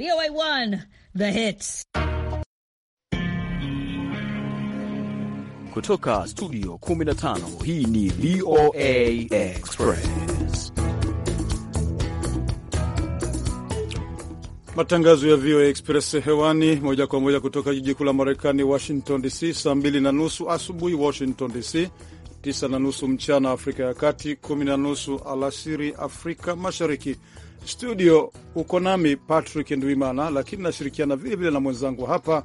VOA1 The Hits kutoka studio 15. Hii ni VOA Express, matangazo ya VOA Express hewani moja kwa moja kutoka jiji kuu la Marekani, Washington DC, saa 2 na nusu asubuhi Washington DC, 9 na nusu mchana Afrika ya Kati, 10 na nusu alasiri Afrika Mashariki. Studio uko nami Patrick Ndwimana, lakini nashirikiana vilevile na mwenzangu hapa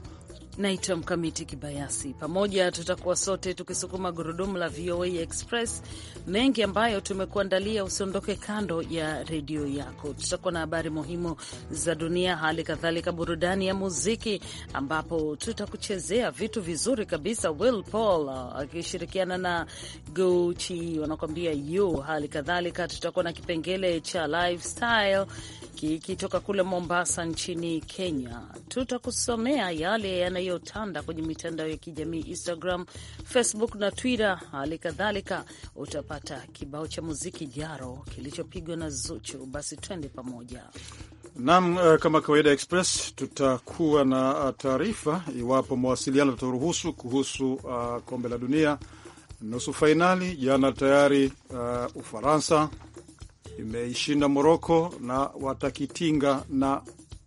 Naitwa Mkamiti Kibayasi. Pamoja tutakuwa sote tukisukuma gurudumu la VOA Express, mengi ambayo tumekuandalia. Usiondoke kando ya redio yako, tutakuwa na habari muhimu za dunia, hali kadhalika burudani ya muziki, ambapo tutakuchezea vitu vizuri kabisa. Will Paul akishirikiana na Gucci wanakuambia yu Hali kadhalika tutakuwa na kipengele cha lifestyle kikitoka kule Mombasa nchini Kenya, tutakusomea yale yanayo yanayotanda kwenye mitandao ya kijamii Instagram, Facebook na Twitter. Hali kadhalika utapata kibao cha muziki Jaro kilichopigwa na Zuchu. Basi twende pamoja. nam. Uh, eh, kama kawaida Express tutakuwa na eh, taarifa iwapo mawasiliano tutaruhusu kuhusu uh, kombe la dunia nusu fainali. Jana tayari uh, Ufaransa imeishinda Moroko na watakitinga na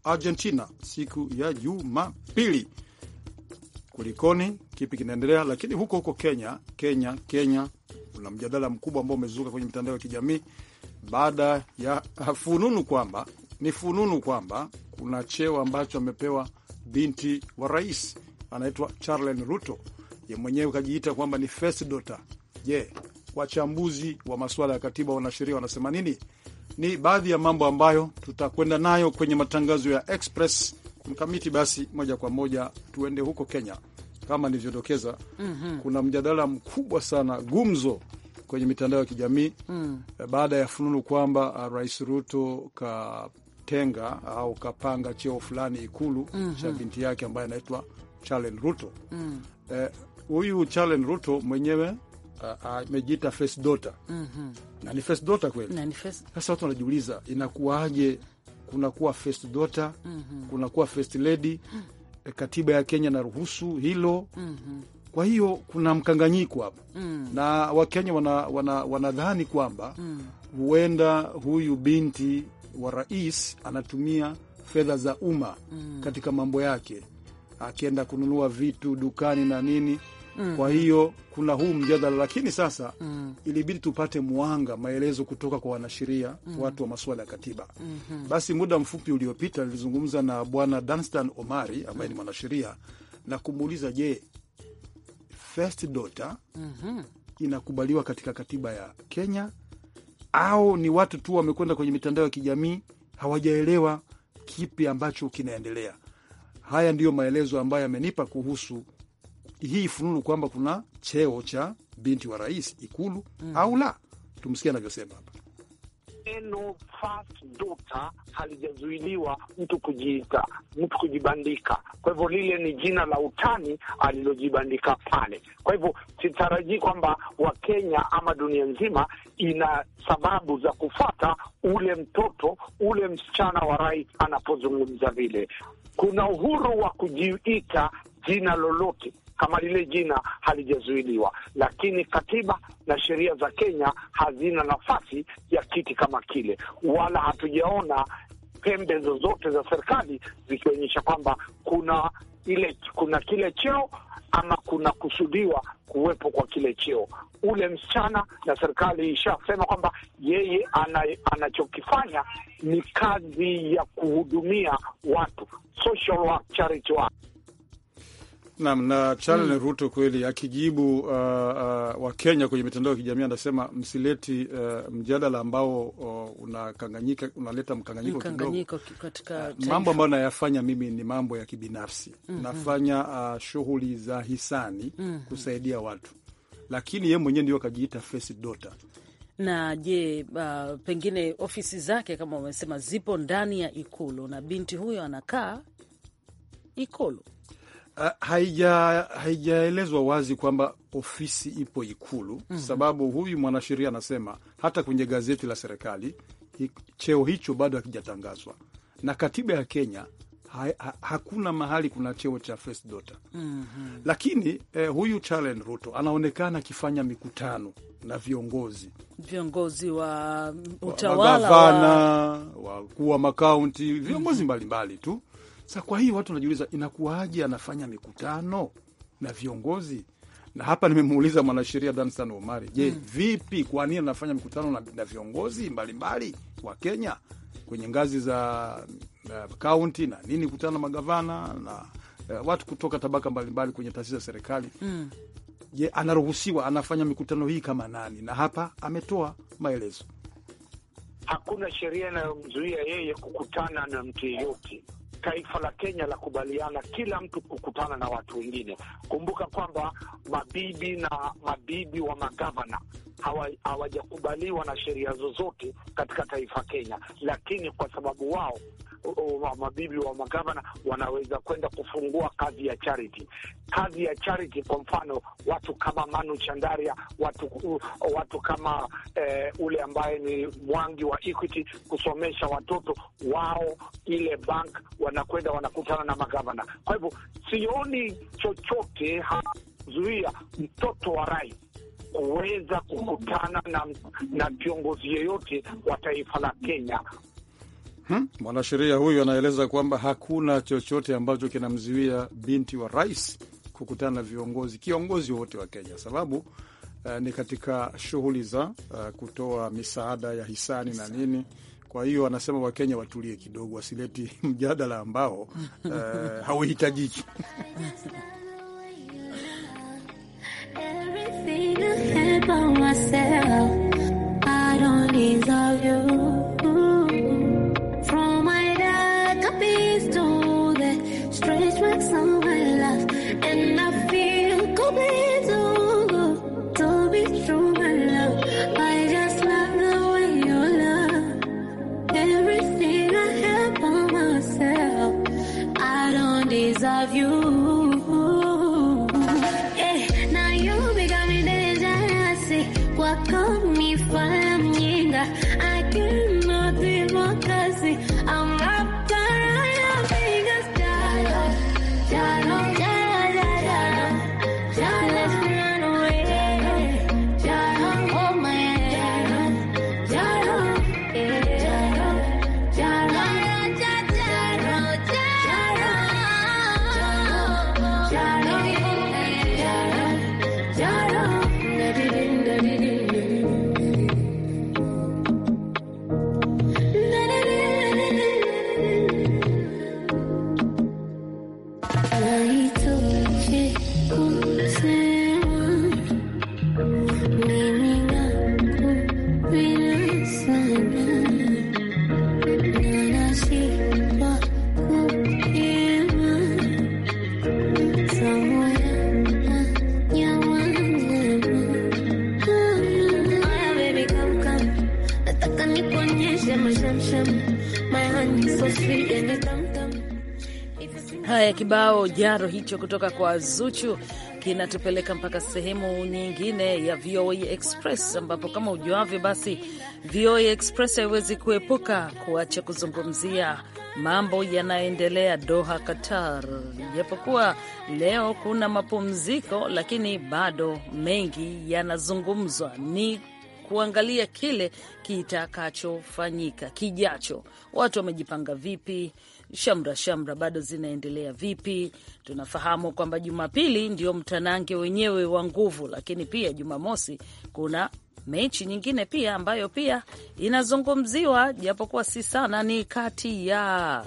Argentina siku ya Jumapili kulikoni, kipi kinaendelea? Lakini huko huko Kenya, Kenya, Kenya kuna mjadala mkubwa ambao umezuka kwenye mitandao ya kijamii baada ya fununu kwamba ni fununu kwamba kuna cheo ambacho amepewa binti wa rais anaitwa Charlen Ruto, ye mwenyewe kajiita kwamba ni first daughter. Je, yeah, wachambuzi wa masuala ya katiba, wanasheria wanasema nini? Ni baadhi ya mambo ambayo tutakwenda nayo kwenye matangazo ya Express mkamiti. Basi moja kwa moja tuende huko Kenya kama nilivyodokeza mm -hmm. kuna mjadala mkubwa sana, gumzo kwenye mitandao ya kijamii mm. Eh, baada ya fununu kwamba ah, Rais Ruto katenga au kapanga cheo fulani Ikulu mm -hmm. cha binti yake ambaye anaitwa Charlen Ruto huyu mm. eh, Charlen Ruto mwenyewe ah, ah, amejiita uh, uh, first daughter mm -hmm. na ni first daughter kweli. Sasa watu wanajiuliza inakuwaje, kunakuwa first daughter mm -hmm. kunakuwa first lady mm -hmm Eh, katiba ya Kenya inaruhusu hilo mm -hmm. Kwa hiyo kuna mkanganyiko hapa mm. na Wakenya wanadhani wana, wana kwamba mm. huenda huyu binti wa rais anatumia fedha za umma mm. katika mambo yake, akienda kununua vitu dukani na nini mm. Kwa hiyo kuna huu mjadala, lakini sasa mm. ilibidi tupate mwanga, maelezo kutoka kwa wanasheria mm. watu wa masuala ya katiba mm -hmm. Basi muda mfupi uliopita nilizungumza na Bwana Danstan Omari ambaye ni mm. mwanasheria na kumuuliza, je, first daughter mm -hmm. inakubaliwa katika katiba ya Kenya au ni watu tu wamekwenda kwenye mitandao ya kijamii hawajaelewa kipi ambacho kinaendelea? Haya ndiyo maelezo ambayo amenipa kuhusu hii fununu kwamba kuna cheo cha binti wa rais Ikulu mm. au la. Tumsikie anavyosema hapa. Neno first daughter halijazuiliwa mtu kujiita, mtu kujibandika. Kwa hivyo lile ni jina la utani alilojibandika pale. Kwa hivyo sitarajii kwamba Wakenya ama dunia nzima ina sababu za kufata ule mtoto ule msichana wa rais anapozungumza vile. Kuna uhuru wa kujiita jina lolote kama lile jina halijazuiliwa, lakini katiba na sheria za Kenya hazina nafasi ya kiti kama kile, wala hatujaona pembe zozote za serikali zikionyesha kwamba kuna ile kuna kile cheo ama kuna kusudiwa kuwepo kwa kile cheo. Ule msichana na serikali ishasema kwamba yeye anachokifanya ana ni kazi ya kuhudumia watu, social work, charity work. Naam, na Charles mm. Ruto kweli akijibu uh, uh, Wakenya kwenye mitandao ya kijamii anasema msileti uh, mjadala ambao uh, unakanganyika unaleta mkanganyiko kidogo. Uh, mambo ambayo nayafanya mimi ni mambo ya kibinafsi mm -hmm. Nafanya uh, shughuli za hisani mm -hmm. kusaidia watu, lakini ye mwenyewe ndio akajiita face na je, uh, pengine ofisi zake kama wamesema zipo ndani ya Ikulu na binti huyo anakaa Ikulu. Ah, haijaelezwa haija wazi kwamba ofisi ipo Ikulu mm -hmm. Sababu huyu mwanasheria anasema hata kwenye gazeti la serikali cheo hicho bado hakijatangazwa na katiba ya Kenya ha, ha, hakuna mahali kuna cheo cha first daughter mm -hmm. Lakini eh, huyu Charlen Ruto anaonekana akifanya mikutano na viongozi viongozi wa utawala, magavana, wakuu wa makaunti, viongozi mbalimbali mbali tu Sa kwa hiyo watu wanajiuliza inakuwaje anafanya mikutano na viongozi na hapa nimemuuliza mwanasheria Danstan Omari, je, mm. vipi, kwa nini anafanya mikutano na, na viongozi mbalimbali wa Kenya kwenye ngazi za kaunti uh, na nini, kutana na magavana na uh, watu kutoka tabaka mbalimbali kwenye taasisi za serikali mm. Je, anaruhusiwa anafanya mikutano hii kama nani? Na hapa ametoa maelezo. Hakuna sheria inayomzuia yeye kukutana na mtu yeyote taifa la Kenya la kubaliana kila mtu kukutana na watu wengine. Kumbuka kwamba mabibi na mabibi wa magavana hawajakubaliwa na sheria zozote katika taifa Kenya, lakini kwa sababu wao wa mabibi wa magavana wanaweza kwenda kufungua kazi ya charity. Kazi ya charity, kwa mfano, watu kama Manu Chandaria, watu watu kama eh, ule ambaye ni Mwangi wa Equity, kusomesha watoto wao, ile bank wanakwenda wanakutana na magavana. Kwa hivyo sioni chochote hazuia mtoto wa rais kuweza kukutana na, na kiongozi yeyote wa taifa la Kenya. Hmm, mwanasheria huyu anaeleza kwamba hakuna chochote ambacho kinamzuia binti wa rais kukutana na viongozi kiongozi wote wa Kenya sababu Uh, ni katika shughuli za uh, kutoa misaada ya hisani na nini kwa hiyo wanasema Wakenya watulie kidogo, wasileti mjadala ambao uh, hauhitajiki Haya, kibao jaro hicho kutoka kwa Zuchu kinatupeleka mpaka sehemu nyingine ya VOA Express, ambapo kama ujuavyo, basi VOA Express haiwezi kuepuka kuacha kuzungumzia mambo yanayoendelea Doha, Qatar. Japokuwa leo kuna mapumziko, lakini bado mengi yanazungumzwa. Ni kuangalia kile kitakachofanyika kijacho. Watu wamejipanga vipi? Shamra shamra bado zinaendelea vipi? Tunafahamu kwamba Jumapili ndio mtanange wenyewe wa nguvu, lakini pia Jumamosi kuna mechi nyingine pia ambayo pia inazungumziwa, japokuwa si sana, ni kati ya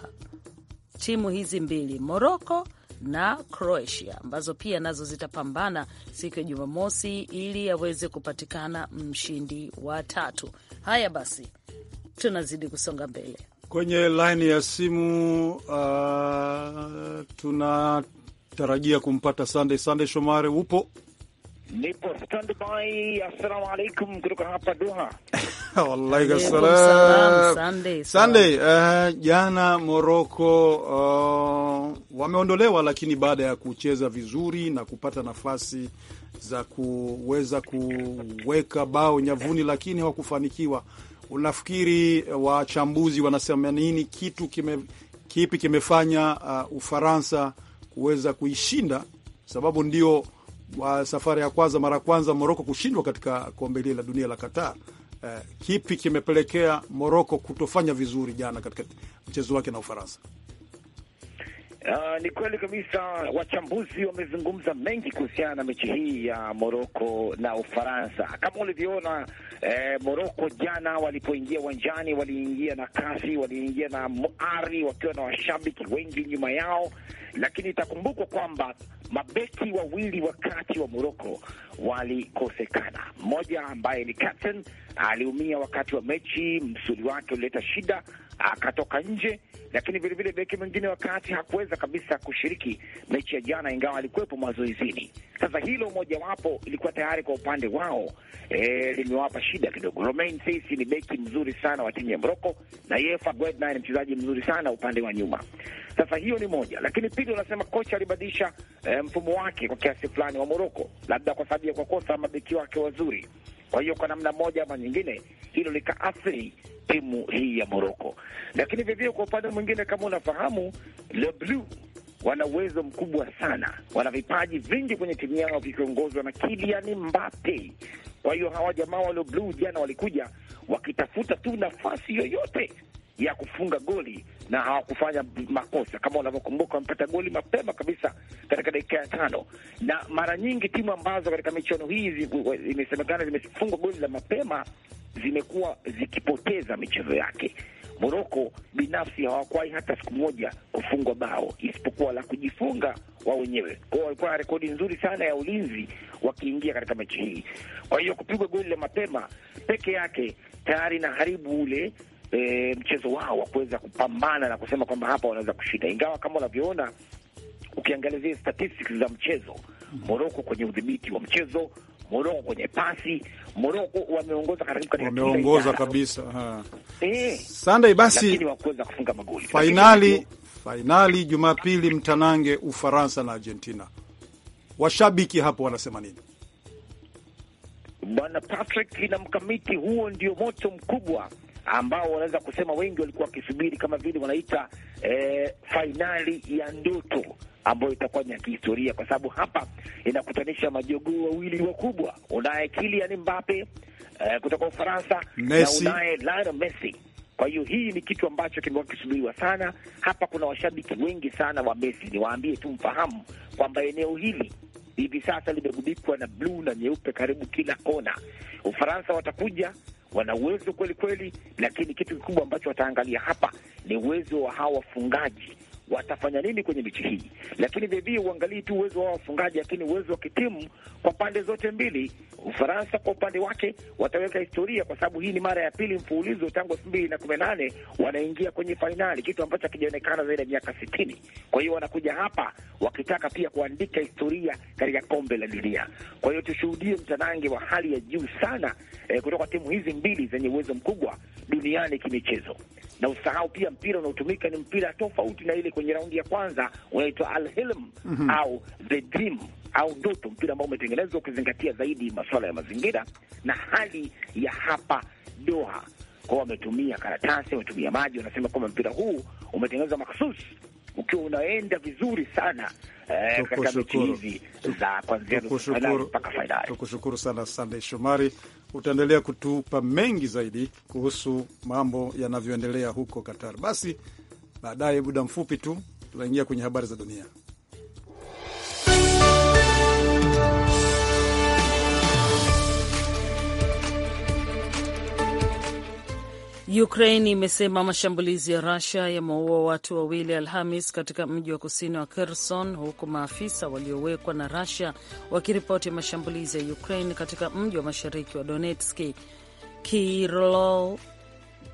timu hizi mbili Moroko na Croatia ambazo pia nazo zitapambana siku ya Jumamosi ili aweze kupatikana mshindi wa tatu. Haya basi, tunazidi kusonga mbele kwenye laini ya simu. Uh, tunatarajia kumpata Sandey. Sandey Shomari, upo? Nipo standby. Assalamu alaikum kutoka hapa Doha. Sunday, Sunday. Uh, jana Morocco uh, wameondolewa, lakini baada ya kucheza vizuri na kupata nafasi za kuweza kuweka bao nyavuni, lakini hawakufanikiwa. Unafikiri eh, wachambuzi wanasema nini? Kitu kime, kipi kimefanya uh, Ufaransa kuweza kuishinda? Sababu ndio wa safari ya kwanza, mara kwanza moroko kushindwa katika kombe lile la dunia la Qatar Eh, kipi kimepelekea Moroko kutofanya vizuri jana katika mchezo wake na Ufaransa? Uh, ni kweli kabisa, wachambuzi wamezungumza mengi kuhusiana na mechi hii ya Moroko na Ufaransa. Kama ulivyoona eh, Moroko jana walipoingia uwanjani waliingia na kasi, waliingia na muari, wakiwa na washabiki wengi nyuma yao, lakini itakumbukwa kwamba mabeki wawili wakati wa Moroko walikosekana. Mmoja ambaye ni captain aliumia wakati wa mechi, msuli wake ulileta shida akatoka nje, lakini vilevile beki mwingine wa kati hakuweza kabisa kushiriki mechi ya jana, ingawa alikuwepo mazoezini. Sasa hilo mojawapo ilikuwa tayari kwa upande wao e, limewapa shida kidogo. Romain Sisi ni beki mzuri sana wa timu ya Moroko na Yefa Guedna ni mchezaji mzuri sana upande wa nyuma. Sasa hiyo ni moja, lakini pili, unasema kocha alibadilisha e, mfumo wake kwa kiasi fulani wa Moroko, labda kwa sababu ya kukosa mabeki wake wazuri kwa hiyo kwa namna moja ama nyingine, hilo likaathiri timu hii ya Moroko. Lakini vivyo kwa upande mwingine, kama unafahamu, Le Bleu wana uwezo mkubwa sana, wana vipaji vingi kwenye timu yao vikiongozwa na Kylian Mbappe. Kwa hiyo hawa jamaa wa Le Bleu jana walikuja wakitafuta tu nafasi yoyote ya kufunga goli na hawakufanya makosa. Kama unavyokumbuka, wamepata goli mapema kabisa katika dakika ya tano, na mara nyingi timu ambazo katika michuano hii imesemekana zimefungwa goli la mapema zimekuwa zikipoteza michezo yake. Moroko binafsi hawakwai hata siku moja kufungwa bao isipokuwa la kujifunga wao wenyewe. Kwa hiyo walikuwa na rekodi nzuri sana ya ulinzi wakiingia katika mechi hii. Kwa hiyo kupigwa goli la mapema peke yake tayari na haribu ule e, mchezo wao wa kuweza kupambana na kusema kwamba hapa wanaweza kushinda, ingawa kama unavyoona ukiangalia zile statistics za mchezo, Moroko kwenye udhibiti wa mchezo Moroko kwenye pasi, Moroko wameongoza karibu wameongoza kabisa e. Sunday basi kufunga magoli fainali, fainali Jumapili mtanange Ufaransa na Argentina. Washabiki hapo wanasema nini? Bwana Patrick na mkamiti, huo ndio moto mkubwa ambao wanaweza kusema wengi walikuwa wakisubiri kama vile wanaita eh, fainali ya ndoto ambayo itakuwa ni ya kihistoria kwa sababu hapa inakutanisha majogoo wawili wakubwa. Unaye Kylian Mbappe eh, kutoka Ufaransa na unaye Lionel Messi. Kwa hiyo hii ni kitu ambacho kimekuwa kisubiriwa sana. Hapa kuna washabiki wengi sana wa Messi. Niwaambie tu mfahamu kwamba eneo hili hivi sasa limegubikwa na bluu na nyeupe karibu kila kona. Ufaransa watakuja, wana uwezo kweli kweli, lakini kitu kikubwa ambacho wataangalia hapa ni uwezo wa hawa wafungaji watafanya nini kwenye mechi hii, lakini vilevile uangalii tu uwezo wa wafungaji, lakini uwezo wa kitimu kwa pande zote mbili. Ufaransa kwa upande wake wataweka historia, kwa sababu hii ni mara ya pili mfululizo tangu elfu mbili na kumi na nane wanaingia kwenye fainali, kitu ambacho hakijaonekana zaidi ya miaka sitini. Kwa hiyo wanakuja hapa wakitaka pia kuandika historia katika kombe la dunia. Kwa hiyo tushuhudie mtanange wa hali ya juu sana eh, kutoka timu hizi mbili zenye uwezo mkubwa duniani kimichezo na usahau pia mpira unaotumika ni mpira tofauti na ile kwenye raundi ya kwanza, unaitwa Al-Hilm mm -hmm. au the dream au ndoto, mpira ambao umetengenezwa ukizingatia zaidi masuala ya mazingira na hali ya hapa Doha. Kwao wametumia karatasi, wametumia maji, wanasema kwamba mpira huu umetengenezwa makhususi ukiwa unaenda vizuri sana eh, katika mechi hizi za kwanzia mpaka fainali. Tukushukuru sana Sandey Shomari utaendelea kutupa mengi zaidi kuhusu mambo yanavyoendelea huko Qatar. Basi baadaye, muda mfupi tu, tunaingia kwenye habari za dunia. Ukraine imesema mashambulizi ya rusia yameua watu wawili Alhamis katika mji wa kusini wa Kherson, huku maafisa waliowekwa na rusia wakiripoti mashambulizi ya Ukraine katika mji wa mashariki wa Donetski. Kirlo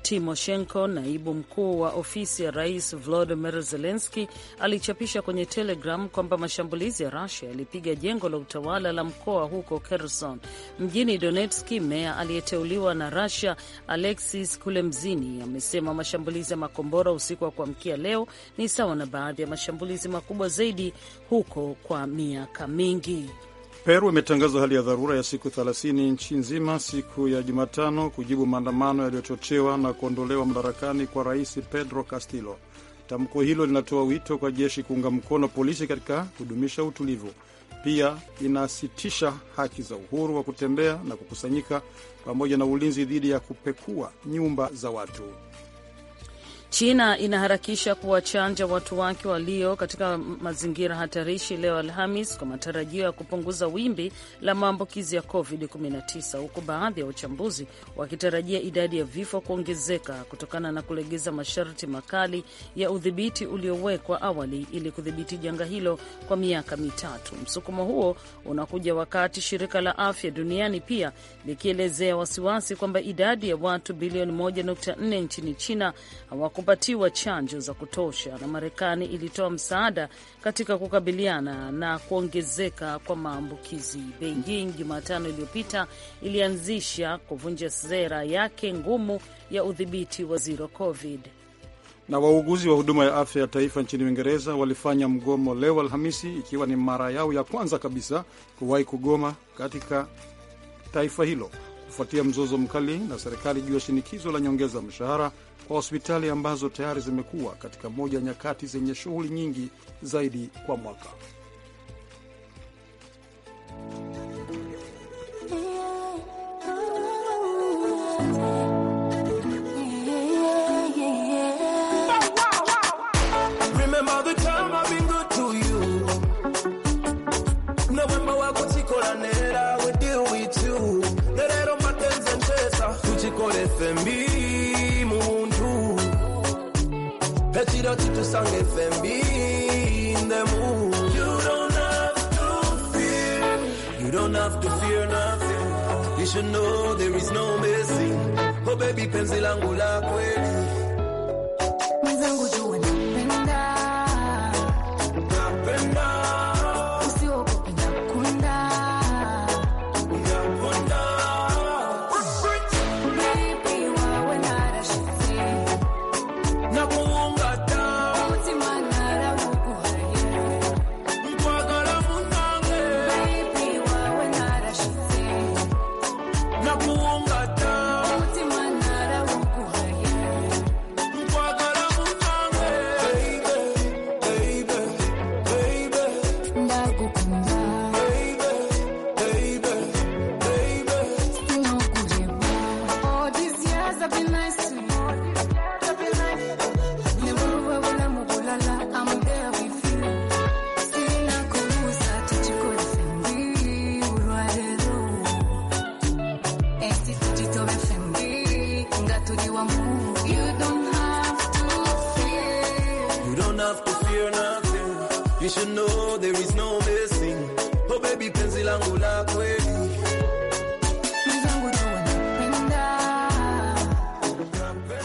Timoshenko, naibu mkuu wa ofisi ya rais Volodymyr Zelensky, alichapisha kwenye Telegram kwamba mashambulizi ya Rusia yalipiga jengo la utawala la mkoa huko Kherson. Mjini Donetski, meya aliyeteuliwa na Rusia Alexis Kulemzini amesema mashambulizi ya makombora usiku wa kuamkia leo ni sawa na baadhi ya mashambulizi makubwa zaidi huko kwa miaka mingi. Peru imetangaza hali ya dharura ya siku 30 nchi nzima siku ya Jumatano kujibu maandamano yaliyochochewa na kuondolewa madarakani kwa rais Pedro Castillo. Tamko hilo linatoa wito kwa jeshi kuunga mkono polisi katika kudumisha utulivu. Pia inasitisha haki za uhuru wa kutembea na kukusanyika pamoja na ulinzi dhidi ya kupekua nyumba za watu. China inaharakisha kuwachanja watu wake walio katika mazingira hatarishi leo Alhamis kwa matarajio ya kupunguza wimbi la maambukizi ya COVID-19, huku baadhi ya wachambuzi wakitarajia idadi ya vifo kuongezeka kutokana na kulegeza masharti makali ya udhibiti uliowekwa awali ili kudhibiti janga hilo kwa miaka mitatu. Msukumo huo unakuja wakati shirika la afya duniani pia likielezea wasiwasi kwamba idadi ya watu bilioni 1.4 nchini China hawaku kupatiwa chanjo za kutosha, na Marekani ilitoa msaada katika kukabiliana na kuongezeka kwa maambukizi. Beijing Jumatano iliyopita ilianzisha kuvunja sera yake ngumu ya udhibiti wa zero covid. Na wauguzi wa huduma ya afya ya taifa nchini Uingereza walifanya mgomo leo Alhamisi, ikiwa ni mara yao ya kwanza kabisa kuwahi kugoma katika taifa hilo kufuatia mzozo mkali na serikali juu ya shinikizo la nyongeza mshahara kwa hospitali ambazo tayari zimekuwa katika moja ya nyakati zenye shughuli nyingi zaidi kwa mwaka. Akor FMB Muntu Petit Titus Sang FMB in the moon You don't have to fear You don't have to fear nothing You should know there is no missing Oh baby penzi langu kweli to know there is no missing. Oh baby, penzi langu la kweli.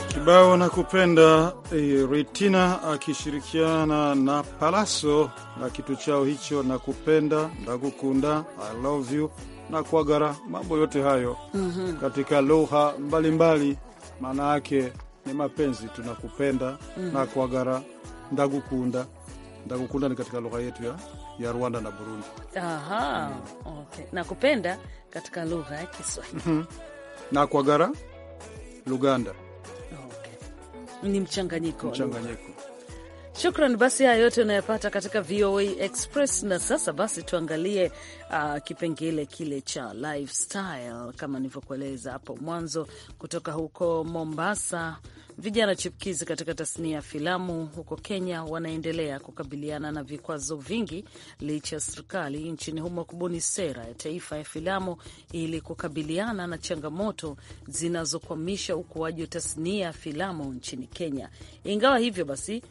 Kibao na kupenda eh, Ritina akishirikiana na Palaso na kitu chao hicho, na kupenda ndakukunda, I love you na kuagara, mambo yote hayo mm -hmm. katika lugha mbalimbali, maana yake ni mapenzi, tunakupenda mm -hmm. na kuagara ndagukunda Ndakukunda ni katika lugha yetu ya, ya Rwanda na Burundi. Aha, mm. Okay. Na kupenda katika lugha ya Kiswahili mhm. na kwa gara Luganda. Okay. Ni mchanganyiko, mchanganyiko. Shukran. Basi haya yote unayapata katika VOA Express. Na sasa basi tuangalie uh, kipengele kile cha lifestyle kama nilivyokueleza hapo mwanzo, kutoka huko Mombasa. Vijana chipukizi katika tasnia ya filamu huko Kenya wanaendelea kukabiliana na vikwazo vingi licha ya serikali nchini humo kubuni sera ya taifa ya filamu ili kukabiliana na changamoto zinazokwamisha ukuaji wa tasnia ya filamu nchini Kenya. Ingawa hivyo basi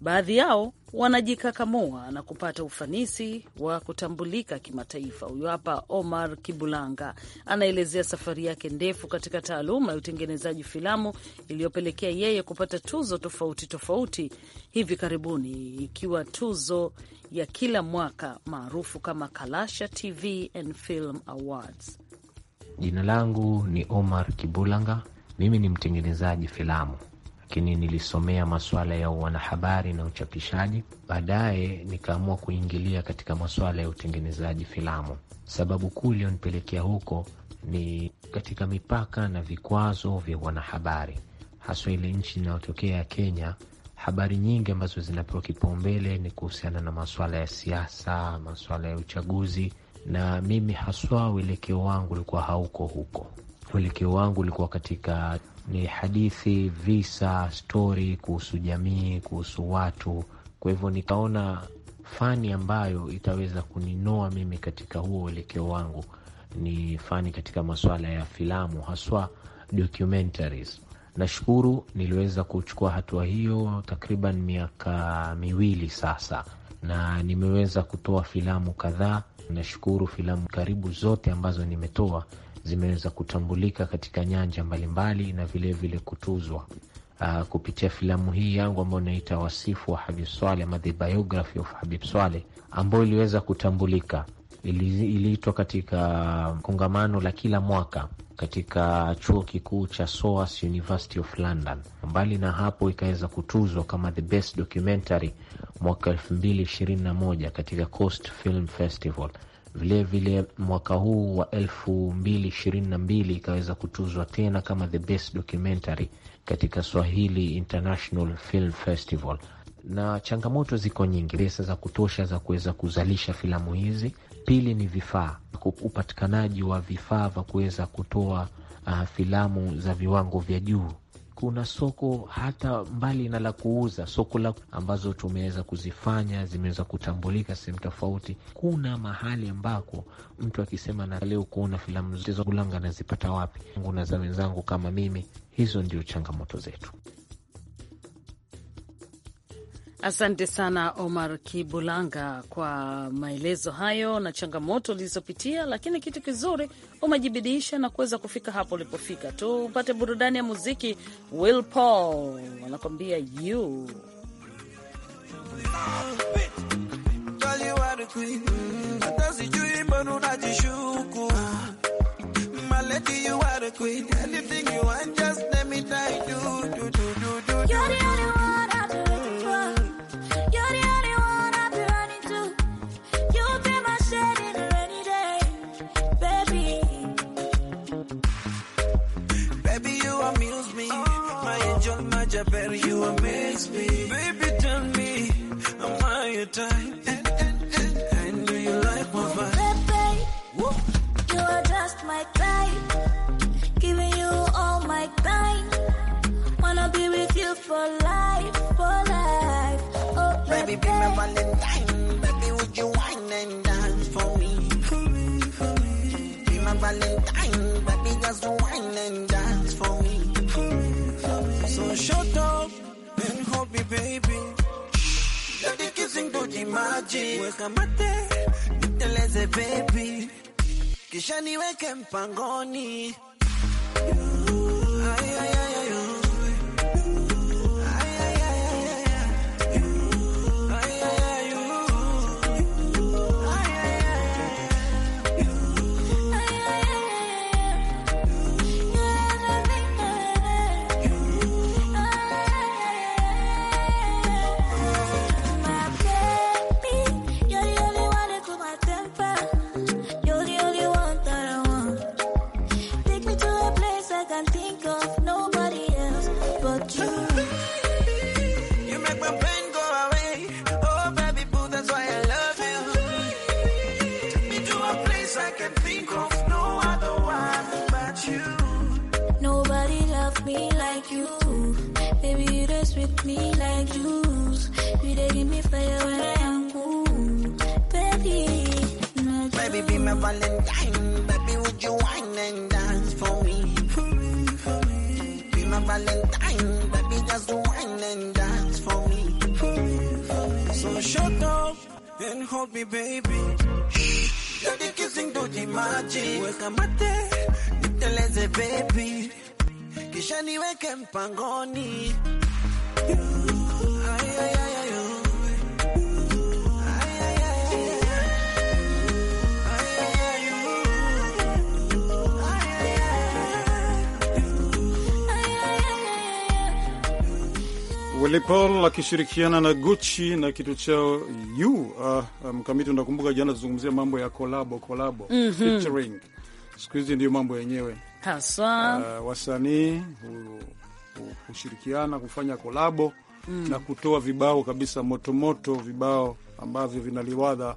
baadhi yao wanajikakamua na kupata ufanisi wa kutambulika kimataifa. Huyu hapa Omar Kibulanga anaelezea safari yake ndefu katika taaluma ya utengenezaji filamu iliyopelekea yeye kupata tuzo tofauti tofauti hivi karibuni, ikiwa tuzo ya kila mwaka maarufu kama Kalasha TV and Film Awards. Jina langu ni Omar Kibulanga, mimi ni mtengenezaji filamu lakini nilisomea masuala ya wanahabari na uchapishaji. Baadaye nikaamua kuingilia katika masuala ya utengenezaji filamu. Sababu kuu iliyonipelekea huko ni katika mipaka na vikwazo vya wanahabari, haswa ile nchi inayotokea ya Kenya. Habari nyingi ambazo zinapewa kipaumbele ni kuhusiana na masuala ya siasa, masuala ya uchaguzi, na mimi haswa uelekeo wangu ulikuwa hauko huko. Uelekeo wangu ulikuwa katika ni hadithi, visa, stori kuhusu jamii, kuhusu watu. Kwa hivyo nikaona fani ambayo itaweza kuninoa mimi katika huo uelekeo wangu ni fani katika masuala ya filamu, haswa documentaries. Nashukuru niliweza kuchukua hatua hiyo takriban miaka miwili sasa, na nimeweza kutoa filamu kadhaa. Nashukuru filamu karibu zote ambazo nimetoa zimeweza kutambulika katika nyanja mbalimbali na vilevile vile kutuzwa Uh, kupitia filamu hii yangu ambayo inaita Wasifu wa Habib Swaleh, the biography of Habib Swale ambayo iliweza kutambulika, iliitwa katika kongamano la kila mwaka katika chuo kikuu cha SOAS, University of London. Mbali na hapo, ikaweza kutuzwa kama the best documentary mwaka elfu mbili ishirini na moja katika Coast Film Festival. Vilevile mwaka huu wa elfu mbili ishirini na mbili ikaweza kutuzwa tena kama the best documentary katika Swahili International Film Festival. Na changamoto ziko nyingi, pesa za kutosha za kuweza kuzalisha filamu hizi. Pili ni vifaa, upatikanaji wa vifaa vya kuweza kutoa uh, filamu za viwango vya juu kuna soko hata mbali na la kuuza soko la ambazo tumeweza kuzifanya zimeweza kutambulika sehemu tofauti. Kuna mahali ambako mtu akisema na leo kuona filamu zote za nazipata wapi? Nguna za wenzangu kama mimi, hizo ndio changamoto zetu. Asante sana Omar Kibulanga kwa maelezo hayo na changamoto ulizopitia, lakini kitu kizuri umejibidiisha na kuweza kufika hapo ulipofika. Tu upate burudani ya muziki. Will Paul wanakwambia you better you amaze me. Baby, tell me, am I your type? And, do you like my vibe? Baby, whoop, you are just my type. Giving you all my time. Wanna be with you for life, for life. Oh, baby, baby be my Valentine. Baby, would you wine and dance for me? For me, for me. Be my Valentine. Baby, just wine and dance. baby, baby. Daddy kissing to the magic. Weka mate, niteleze baby. Kisha niweke mpangoni. Ay, ay, ay. baby, kisha niweke mpangoni Willy Paul akishirikiana na Gucci na kitu chao you uh, mkamiti um, unakumbuka jana tuzungumzia mambo ya kolabo kolabo, mm -hmm. featuring siku hizi ndio mambo yenyewe haswa uh, wasanii hushirikiana kufanya kolabo mm. na kutoa vibao kabisa motomoto -moto, vibao ambavyo vinaliwadha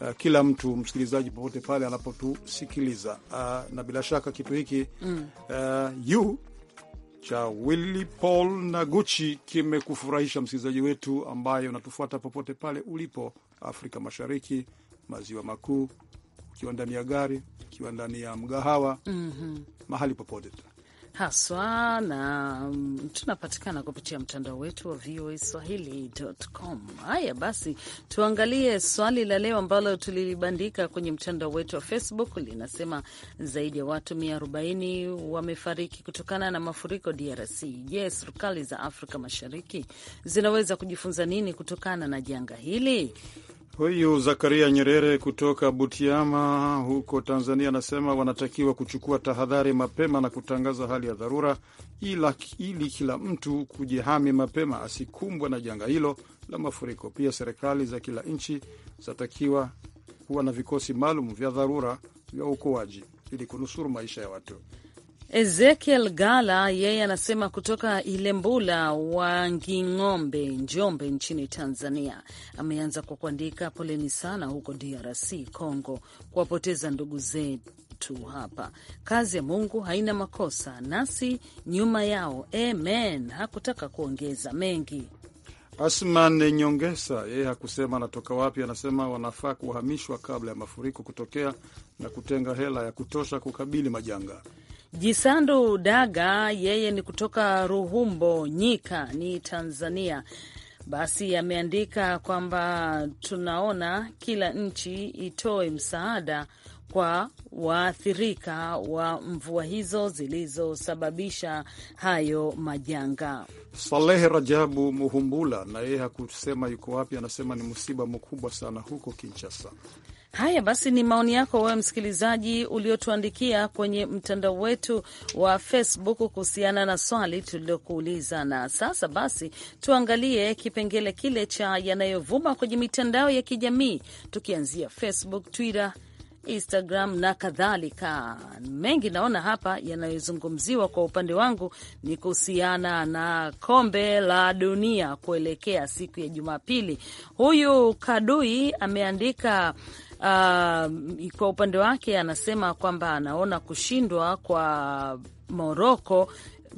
uh, kila mtu msikilizaji popote pale anapotusikiliza uh, na bila shaka kitu hiki mm. uh, cha Willy Paul na Gucci kimekufurahisha msikilizaji wetu ambaye unatufuata popote pale ulipo Afrika Mashariki, Maziwa Makuu, ukiwa ndani ya gari ikiwa ndani ya mgahawa mm -hmm. mahali popote haswa na um, tunapatikana kupitia mtandao wetu wa VOA Swahili.com. Haya basi, tuangalie swali la leo ambalo tulilibandika kwenye mtandao wetu wa Facebook. Linasema zaidi ya watu 140 wamefariki kutokana na mafuriko DRC. Je, yes, serikali za Afrika Mashariki zinaweza kujifunza nini kutokana na janga hili? Huyu Zakaria Nyerere kutoka Butiama huko Tanzania anasema wanatakiwa kuchukua tahadhari mapema na kutangaza hali ya dharura, ila ili kila mtu kujihami mapema asikumbwe na janga hilo la mafuriko. Pia serikali za kila nchi zinatakiwa kuwa na vikosi maalum vya dharura vya uokoaji ili kunusuru maisha ya watu. Ezekiel Gala yeye anasema kutoka Ilembula Wanging'ombe, Njombe nchini Tanzania. Ameanza kwa kuandika poleni sana huko DRC Congo kuwapoteza ndugu zetu hapa. Kazi ya Mungu haina makosa, nasi nyuma yao. Amen. Hakutaka kuongeza mengi. Asman Nyongesa yeye hakusema anatoka wapi. Anasema wanafaa kuhamishwa kabla ya mafuriko kutokea na kutenga hela ya kutosha kukabili majanga. Jisandu Daga yeye ni kutoka Ruhumbo Nyika, ni Tanzania. Basi ameandika kwamba tunaona kila nchi itoe msaada kwa waathirika wa mvua hizo zilizosababisha hayo majanga. Salehe Rajabu Muhumbula na yeye hakusema yuko wapi, anasema ni msiba mkubwa sana huko Kinshasa. Haya basi, ni maoni yako wewe msikilizaji uliotuandikia kwenye mtandao wetu wa Facebook kuhusiana na swali tulilokuuliza. Na sasa basi, tuangalie kipengele kile cha yanayovuma kwenye mitandao ya kijamii, tukianzia Facebook, Twitter, Instagram na kadhalika. Mengi naona hapa yanayozungumziwa kwa upande wangu ni kuhusiana na kombe la dunia kuelekea siku ya Jumapili. Huyu Kadui ameandika Uh, kwa upande wake anasema kwamba anaona kushindwa kwa Moroko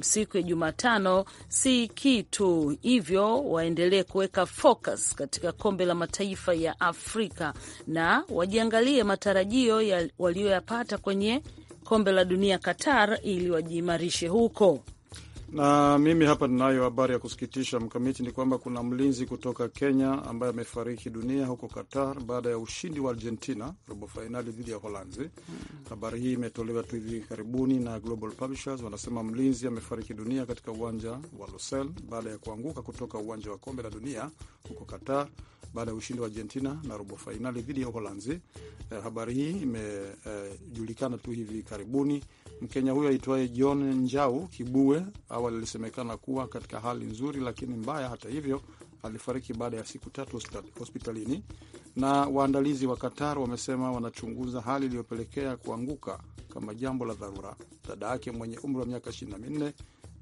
siku ya Jumatano si kitu, hivyo waendelee kuweka focus katika kombe la mataifa ya Afrika na wajiangalie matarajio waliyoyapata kwenye kombe la dunia Qatar ili wajiimarishe huko. Na mimi hapa ninayo habari ya kusikitisha Mkamiti, ni kwamba kuna mlinzi kutoka Kenya ambaye amefariki dunia huko Qatar baada ya ushindi wa Argentina robo fainali dhidi ya Holanzi. Habari hii imetolewa tu hivi karibuni na Global Publishers. Wanasema mlinzi amefariki dunia katika uwanja wa Losel baada ya kuanguka kutoka uwanja wa kombe la dunia huko Qatar baada ya ushindi wa Argentina na robo fainali dhidi ya Holanzi. Eh, habari hii imejulikana eh, tu hivi karibuni Mkenya huyo aitwaye John Njau Kibue awali alisemekana kuwa katika hali nzuri lakini mbaya. Hata hivyo, alifariki baada ya siku tatu hospitalini, na waandalizi wa Qatar wamesema wanachunguza hali iliyopelekea kuanguka kama jambo la dharura. Dada yake mwenye umri wa miaka 24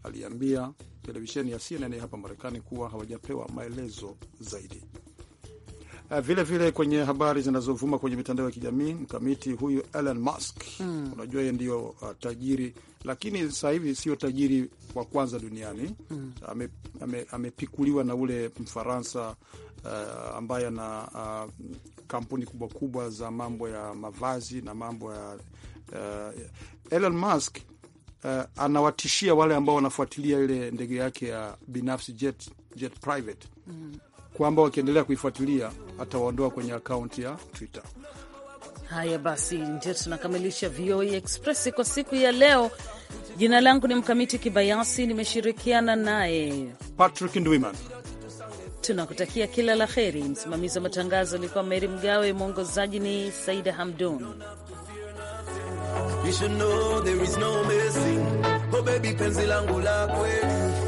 aliambia televisheni ya CNN hapa Marekani kuwa hawajapewa maelezo zaidi. Vilevile ah, vile kwenye habari zinazovuma kwenye mitandao ya kijamii mkamiti huyu Elon Musk mm. Unajua yeye ndiyo uh, tajiri, lakini sasa hivi sio tajiri wa kwanza duniani mm. Amepikuliwa ame, ame na ule Mfaransa uh, ambaye ana uh, kampuni kubwa kubwa za mambo ya mavazi na mambo ya uh, Elon Musk Uh, anawatishia wale ambao wanafuatilia ile ndege yake ya binafsi jet, jet private mm kwamba wakiendelea kuifuatilia atawaondoa kwenye akaunti ya Twitter. Haya basi, ndio tunakamilisha VOA e Express kwa siku ya leo. Jina langu ni Mkamiti Kibayasi, nimeshirikiana naye Patrick Ndwiman. Tunakutakia kila la heri. Msimamizi wa matangazo alikuwa Meri Mgawe, mwongozaji ni Saida Hamdun. Oh, penzi langu la kweli